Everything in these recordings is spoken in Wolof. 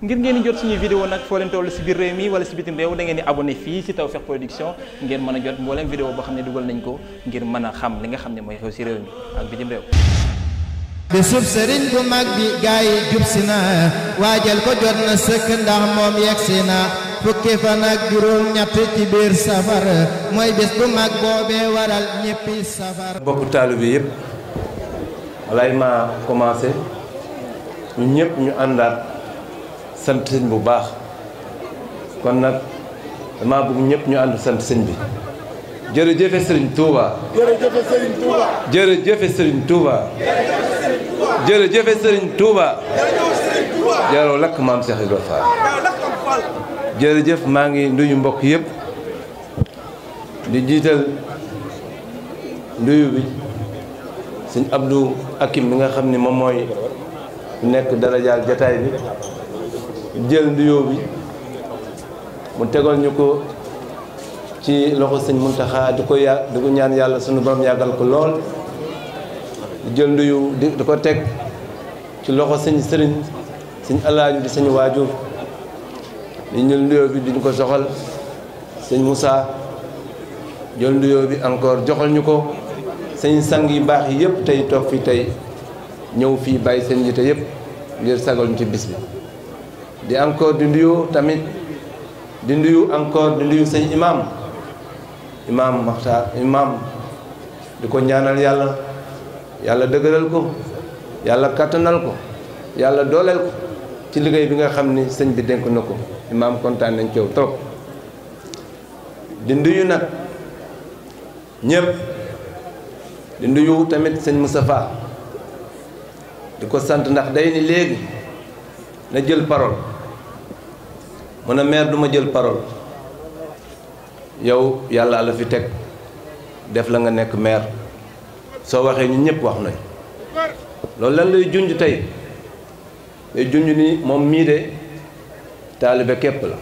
ngir ngeen jot suñuy vidéo nag foo leen toll si biir réew mi wala si bitim réew da ngeen di abonné fii si Tawfekh Production ngeen mën a jot mbooleem vidéo boo xam ne dugal nañ ko ngir mën a xam li nga xam ne mooy xew si réew mi ak bitim réew bi sëriñ bu mag bi gaa yi jub si na waajal ko jot na sëkk ndax moom yegsi na fukki fan ak juróom ñett ci biir safar mooy bés bu mag boobee waral ñëppi safar bokk taalibe yëpp lay ma commencé ñu ñëpp ñu sant sëñ bu baax kon nag dama bëgg ñëpp ñu ànd sant sëñ bi jërëjëfe sëriñ Touba jërëjëfe sëriñ Touba jërëjëfe sëriñ Touba jërëjëfe sëriñ Touba jaroo lakk maam Cheikh Ibrahima Fall jërëjëf maa ngi nuyu mbokk yëpp di jiital nuyu bi sëñ abdu Akim bi nga xam ni moom mooy nekk darajaal jataay bi jël nuyoo bi mu tegal ñu ko ci loxo sëñ Muntaxa di ko ya di ko ñaan yàlla suñu borom yàggal ko lool jël nuyu di di ko teg ci loxo sëñ sëriñ sëñ alaaju di sëñ waajur di jël ñu ko soxal sëñ musaa jël nuyoo bi encore joxal ñu ko sëñ sang yu baax yi yëpp tey toog fii tey ñëw fii bàyyi seen yite yëpp ngir sagal ñu ci bis bi di encore di nuyu tamit di nduyu encore di nuyu sëñ imam imam Maxtaar imam di ko ñaanal yàlla yàlla dëgëral ko yàlla kattanal ko yàlla dooleel ko ci liggéey bi nga xam ni sëñ bi dénk na ko imam kontaan nañ coow trop di nuyu nag ñëpp di nduyu tamit sëñ Moustapha di ko sant ndax day ni léegi na jël parole mu ne maire du ma jël parole yow yàlla la fi teg def la nga nekk maire soo waxee ñu ñëpp wax nañ loolu lan lay junj tey lay junj ni moom mii de taalibe képp la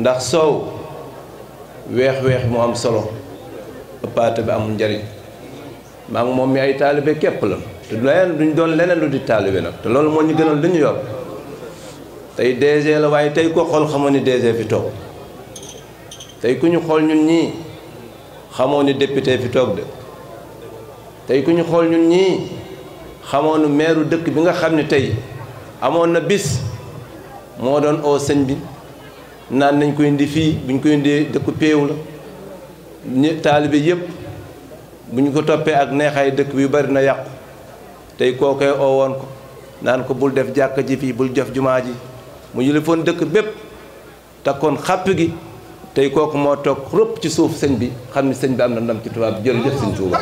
ndax soow weex weex mu am solo ëppaate bi amul njariñ maa moom mi ay taalibe képp la te leneen duñ doon leneen lu di taalibe nag te loolu moo ñu gënal lu ñu yor tey DG la waaye tey ko xool xamoon ni DG fi toog tey ku ñu xool ñun ñii xamoon ni député fi toog de tey ku ñu xool ñun ñii xamoon ni meeru dëkk bi nga xam ni tey amoon na bis moo doon oo sëñ bi naan nañ ko indi fii buñ ko indi dëkku péew la ñu taalibe yépp bu ñu ko toppee ak neexaay dëkk bi yu bari na yàqu tey kookee oo woon ko naan ko bul def jàkka ji fii bul def jumaa ji mu yilifoon dëkk bépp takkoon xàpp gi tey kooku moo toog rëpp ci suuf sëñ bi xam ni sëñ bi am na ndam ci tubaab jërëjëf sëñ Tuuba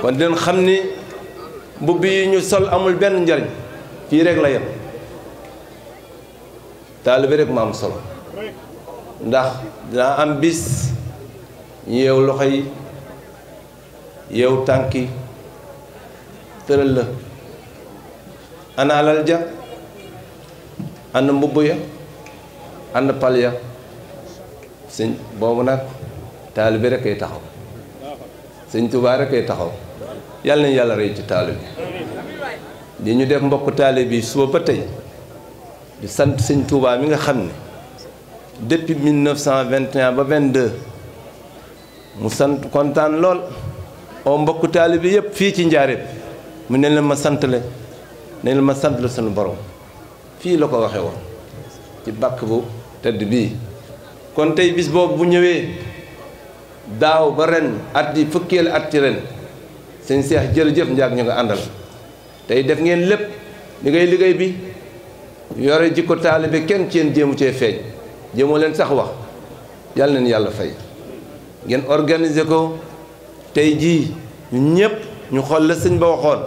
kon dinañ xam ni mbubb yi ñu sol amul benn njariñ fii rek la yem taalibe rek ma am solo ndax dinaa am bis ñu yeew loxo yi yow tànki tëral la ana ja ana mbubb ya ana pal ya sëñ boobu nag taalibe rek ay taxaw sëñ Tuubaa rek ay taxaw yàlla nañ yàlla rey ci taalibe li ñu def mbokk taalibe yi suba ba tey di sant sëñ Tuubaa mi nga xam ne depuis 1921 ba 22 mu sant kontaan lool oo mbokk taalibe yëpp fii ci njaareem mu ne leen ma sant le ne leen ma sant la sunu borom fii la ko waxee woon ci bàkk bu tëdd bii kon tey bis boobu bu ñëwee daaw ba ren at yi fukkeel at ci ren seen seex jërëjëf njaag ñu nga àndal tey def ngeen lépp li ngay liggéey bi yore jikko taalibe kenn ci yéen jéemu cee feeñ jéemoo leen sax wax yàlla leen yàlla fay ngeen organiser ko tey jii ñun ñëpp ñu xool la sëñ ba waxoon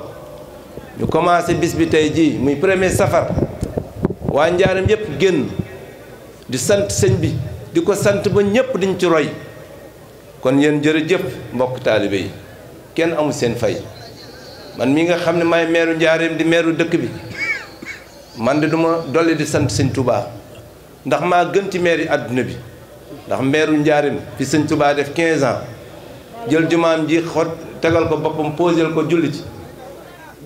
ñu commencé bis bi tey jii muy premier safar waa njaaram yëpp génn di sant sëñ bi di ko sant ba ñëpp diñ ci roy kon yéen jërëjëf mbokk taalibe yi kenn amul seen fay man mii nga xam ne may meeru njaareem di meeru dëkk bi man de duma dolli di sant sëñ Touba ndax maa gënti ci àdduna bi ndax meeru njaareem fi sëñ Touba def 15 ans jël jumaam ji xot tegal ko boppam posel ko julli ci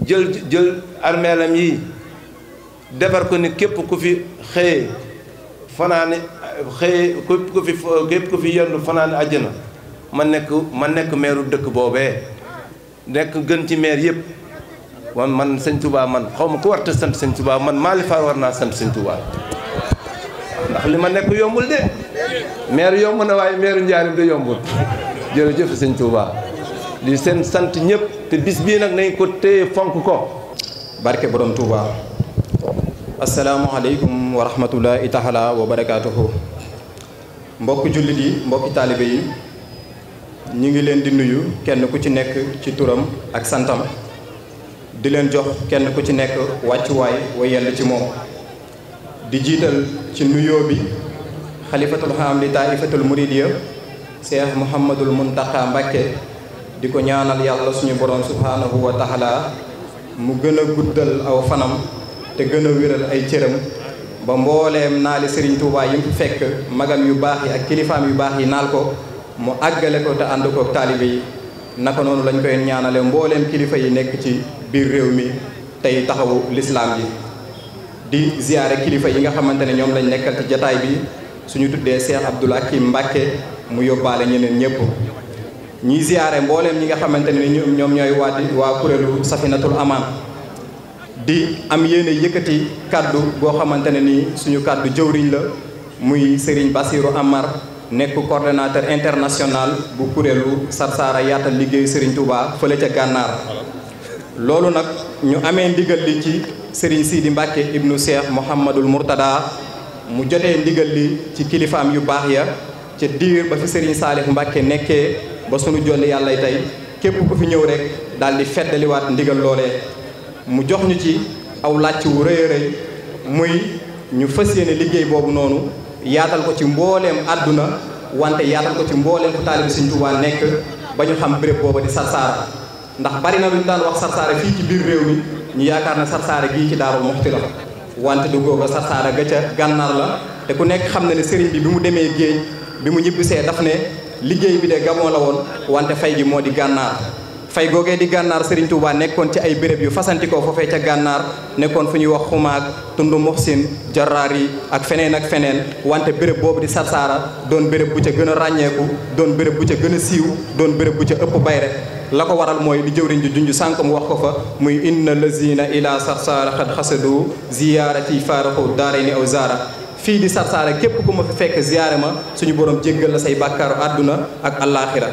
jël jël armeelam yi defar ko ni képp ku fi xëye fanaane xëye képp ku fi képp ku fi yendu fanaani àjjana ma nekk ma nekk meeru dëkk boobee nekk gën ci meer yëpp kon man sëñ Touba man xaw ma ku warta sant sëñ Touba man Malick Fall war naa sant sëñ Touba ndax li ma nekk yombul de meer yomb na waaye meeru njaarim de yombul jërëjëf sëñ Touba di seen sant ñëpp te bis bii nag nañ ko téye fonk ko barke borom Touba asalaamualeykum wa rahmatullahi taala wa barakaatuhu mbokk jullit yi mbokki taalibe yi ñu ngi leen di nuyu kenn ku ci nekk ci turam ak santam di leen jox kenn ku ci nekk wàccuwaay wa yell ci moom di jiital ci nuyoo bi xalifatul xam li taifatul muridiya Cheikh Mouhamadul Mountakha Mbacké di ko ñaanal yàlla suñu borom subhaanahu wa taala mu gën a guddal aw fanam te gën wéral ay cëram ba mbooleem naali Serigne Touba yi mu fekk magam yu baax yi ak kilifaam yu baax yi naal ko mu àggale ko te ànd ko taalibe yi naka noonu lañ koy ñaanale mbooleem kilifa yi nekk ci biir réew mi tey taxawu lislaam yi di ziyaare kilifa yi nga xamante ne ñoom lañ nekkal ci jataay bi suñu tuddee Cheikh Abdoul Hakim Mbacké mu yóbbaale ñeneen ñëpp ñuy ziyaare mbooleem ñi nga xamante ne ñoom ñooy waa di waa kuréelu safinatul amaan di am yéene yëkkati kàddu boo xamante ne ni suñu kàddu jëwriñ la muy Serigne Bassirou Amar nekk coordonnateur international bu kuréelu Sarsara yaatal liggéeyu Serigne Touba fële ca gànnaar loolu nag ñu amee ndigal li ci Serigne Sidi Mbacke ibnu Cheikh Mouhamadul Mourtada mu jotee ndigal li ci kilifaam yu baax ya ca diir ba fi Serigne Salif Mbacke nekkee ba sunu jonn yàlla tey képp ku fi ñëw rek daal di feddaliwaat ndigal loolee mu jox ñu ci aw làcc wu rëy a muy ñu fas yéene liggéey boobu noonu yaatal ko ci mbooleem àdduna wante yaatal ko ci mbooleem fu taalibi Serigne Touba nekk ba ñu xam béréb booba di Sarsara ndax bari na lu ñu daan wax Sarsara fii ci biir réew mi ñu yaakaar na Sarsara gii ci Daaru Muxti la wante du googa Sarsara gànnaar la te ku nekk bi mu ñibbisee daf ne liggéey bi de gamoo la woon wante fay gi moo di gànnaar fay googee di gànnaar Serigne Touba nekkoon ci ay béréb yu fasantikoo foofee ca gànnaar nekkoon fu ñuy wax xumaag tund moxsin jaraar yi ak feneen ak feneen wante béréb boobu di sarsaara doon béréb bu ca gën a ràññeeku doon bërëb bu ca gën a siiw doon bërëb bu ca ëpp bayre la ko waral mooy li jëwriñ ji junj sànq mu wax ko fa muy indi inna lazina ila sarsaara xad xasadu ziyaarati faaraxu daarayni aw zaara fii di sarsaara képp ku ma fi fekk ziyaare ma suñu borom jéggal la say bakkar àdduna ak allaaxira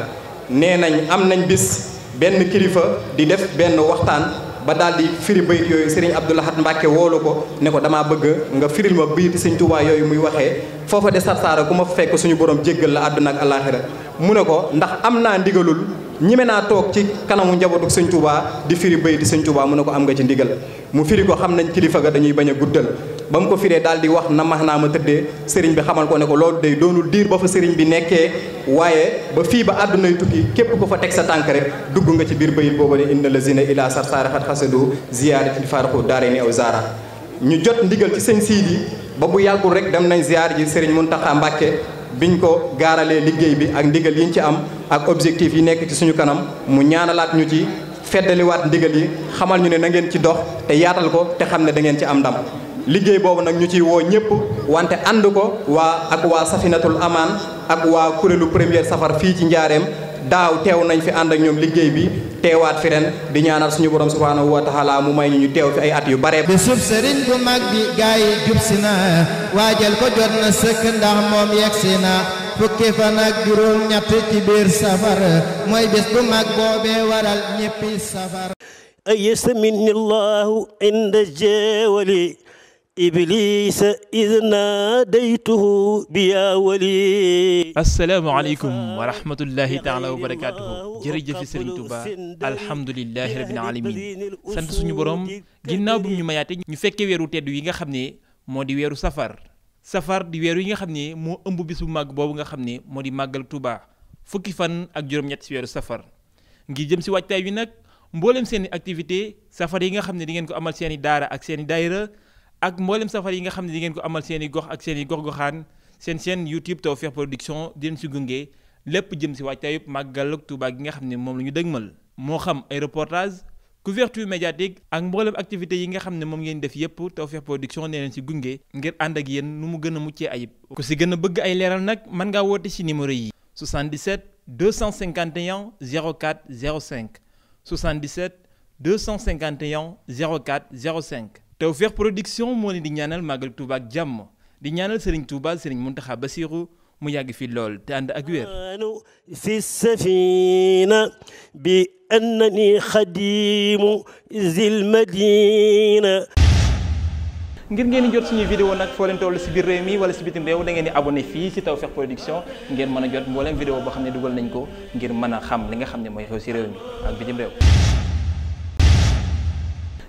nee nañ am nañ bis benn kilifa di def benn waxtaan ba daal firi bayit yooyu sëriñ Abdou Lahad Mbacke woolu ko ne ko damaa bëgg nga firil ma bayit sëñ Tuubaa yooyu muy waxee foofa de sarsaara ku ma fekk suñu borom jéggal la àdduna ak allaaxira mu ne ko ndax am naa ndigalul ñime naa toog ci kanamu njabootu sëñ Tuubaa di firi bayit sëñ Tuubaa mu ne ko am nga ci ndigal mu firi xam nañ kilifa ga dañuy bañ a guddal ba mu ko firee daal di wax na max naa ma tëddee sëriñ bi xamal ko ne ko loolu dey doonul diir ba fa sëriñ bi nekkee waaye ba fii ba àdduna àddunay tukki képp ko fa teg sa tànk rek dugg nga ci biir bayit boobu ne inna la zina ila sarsaarafat xasado ziyaarati farqu daare ni aw zaara ñu jot ndigal ci sëñ siid yi ba bu yàggul rek dem nañ ziyaar ji sëriñ mun Muntaxa Mbàkke ñu ko gaaralee liggéey bi ak ndigal yi ñu ci am ak objectif yi nekk ci suñu kanam mu ñaanalaat ñu ci feddaliwaat ndigal yi xamal ñu ne na ngeen ci dox te yaatal ko te xam ne da ci am ndam liggéey boobu nag ñu ci woo ñëpp wante ànd ko waa ak waa safinatul amaan ak waa kuréelu première safar fii ci njaareem daaw teew nañ fi ànd ak ñoom liggéey bi teewaat fi ren di ñaanal suñu borom subhaanahu wa taala mu may ñu ñu teew fi ay at yu bare bisub sëriñ bu mag bi gaa yi jub si na waajal ko jot na sëkk ndax moom yegg na fukki fan ak juróom ñett ci biir safar mooy bés bu mag boobee waral ñëppi safar ay yastamin allahu inda jeewali iblis id naadaytuhu bi yaa wali asalaamaaleykum wa rahmatullahi taala wa barakaatuhu jërëjëf Serigne Touba alhamdulilahi rabbil alamin sant suñu borom ginnaaw bu ñu mayaate ñu fekkee weeru tedd yi nga xam ne moo di weeru safar safar di weeru yi nga xam ne moo ëmb bis bu màgg boobu nga xam ne moo di màggal tubaa fukki fan ak juróom-ñett si weeru safar ngir jëm si waajtaay wi nag mboolem seen activité safar yi nga xam ne di ngeen ko amal seen i ak seen i ak mboolem safar yi nga xam ne di ngeen ko amal seen gox ak seen i gox-goxaan seen seen YouTube Tawfekh Production di leen si gunge lépp jëm si waajtaayub màggal ak Tuubaa gi nga xam ne moom la ñu dëgmal moo xam ay reportage couverture médiatique ak mboolem activité yi nga xam ne moom ngeen def yépp Tawfekh Production nee leen si gunge ngir ànd ak yéen nu mu gën a muccee ayib ku si gën a bëgg ay leeral nag mën ngaa woote si numéro yi 77 251 04 05 77 251 04 05 Tawfekh Production moo leen di ñaanal màggal Touba jàmm di ñaanal Serigne Touba Serigne ba Bassirou mu yàgg fi lool te ànd ak wér fi safina bi annani xadimu zil madina ngir ngeen di jot suñuy vidéo nag foo leen toll si biir réew mi wala si bitim réew da ngeen di abonné fii si Tawfekh Production ngeen mën a jot mbooleem vidéo boo xam ne dugal nañ ko ngir mën a xam li nga xam ne mooy xew si réew mi ak bitim réew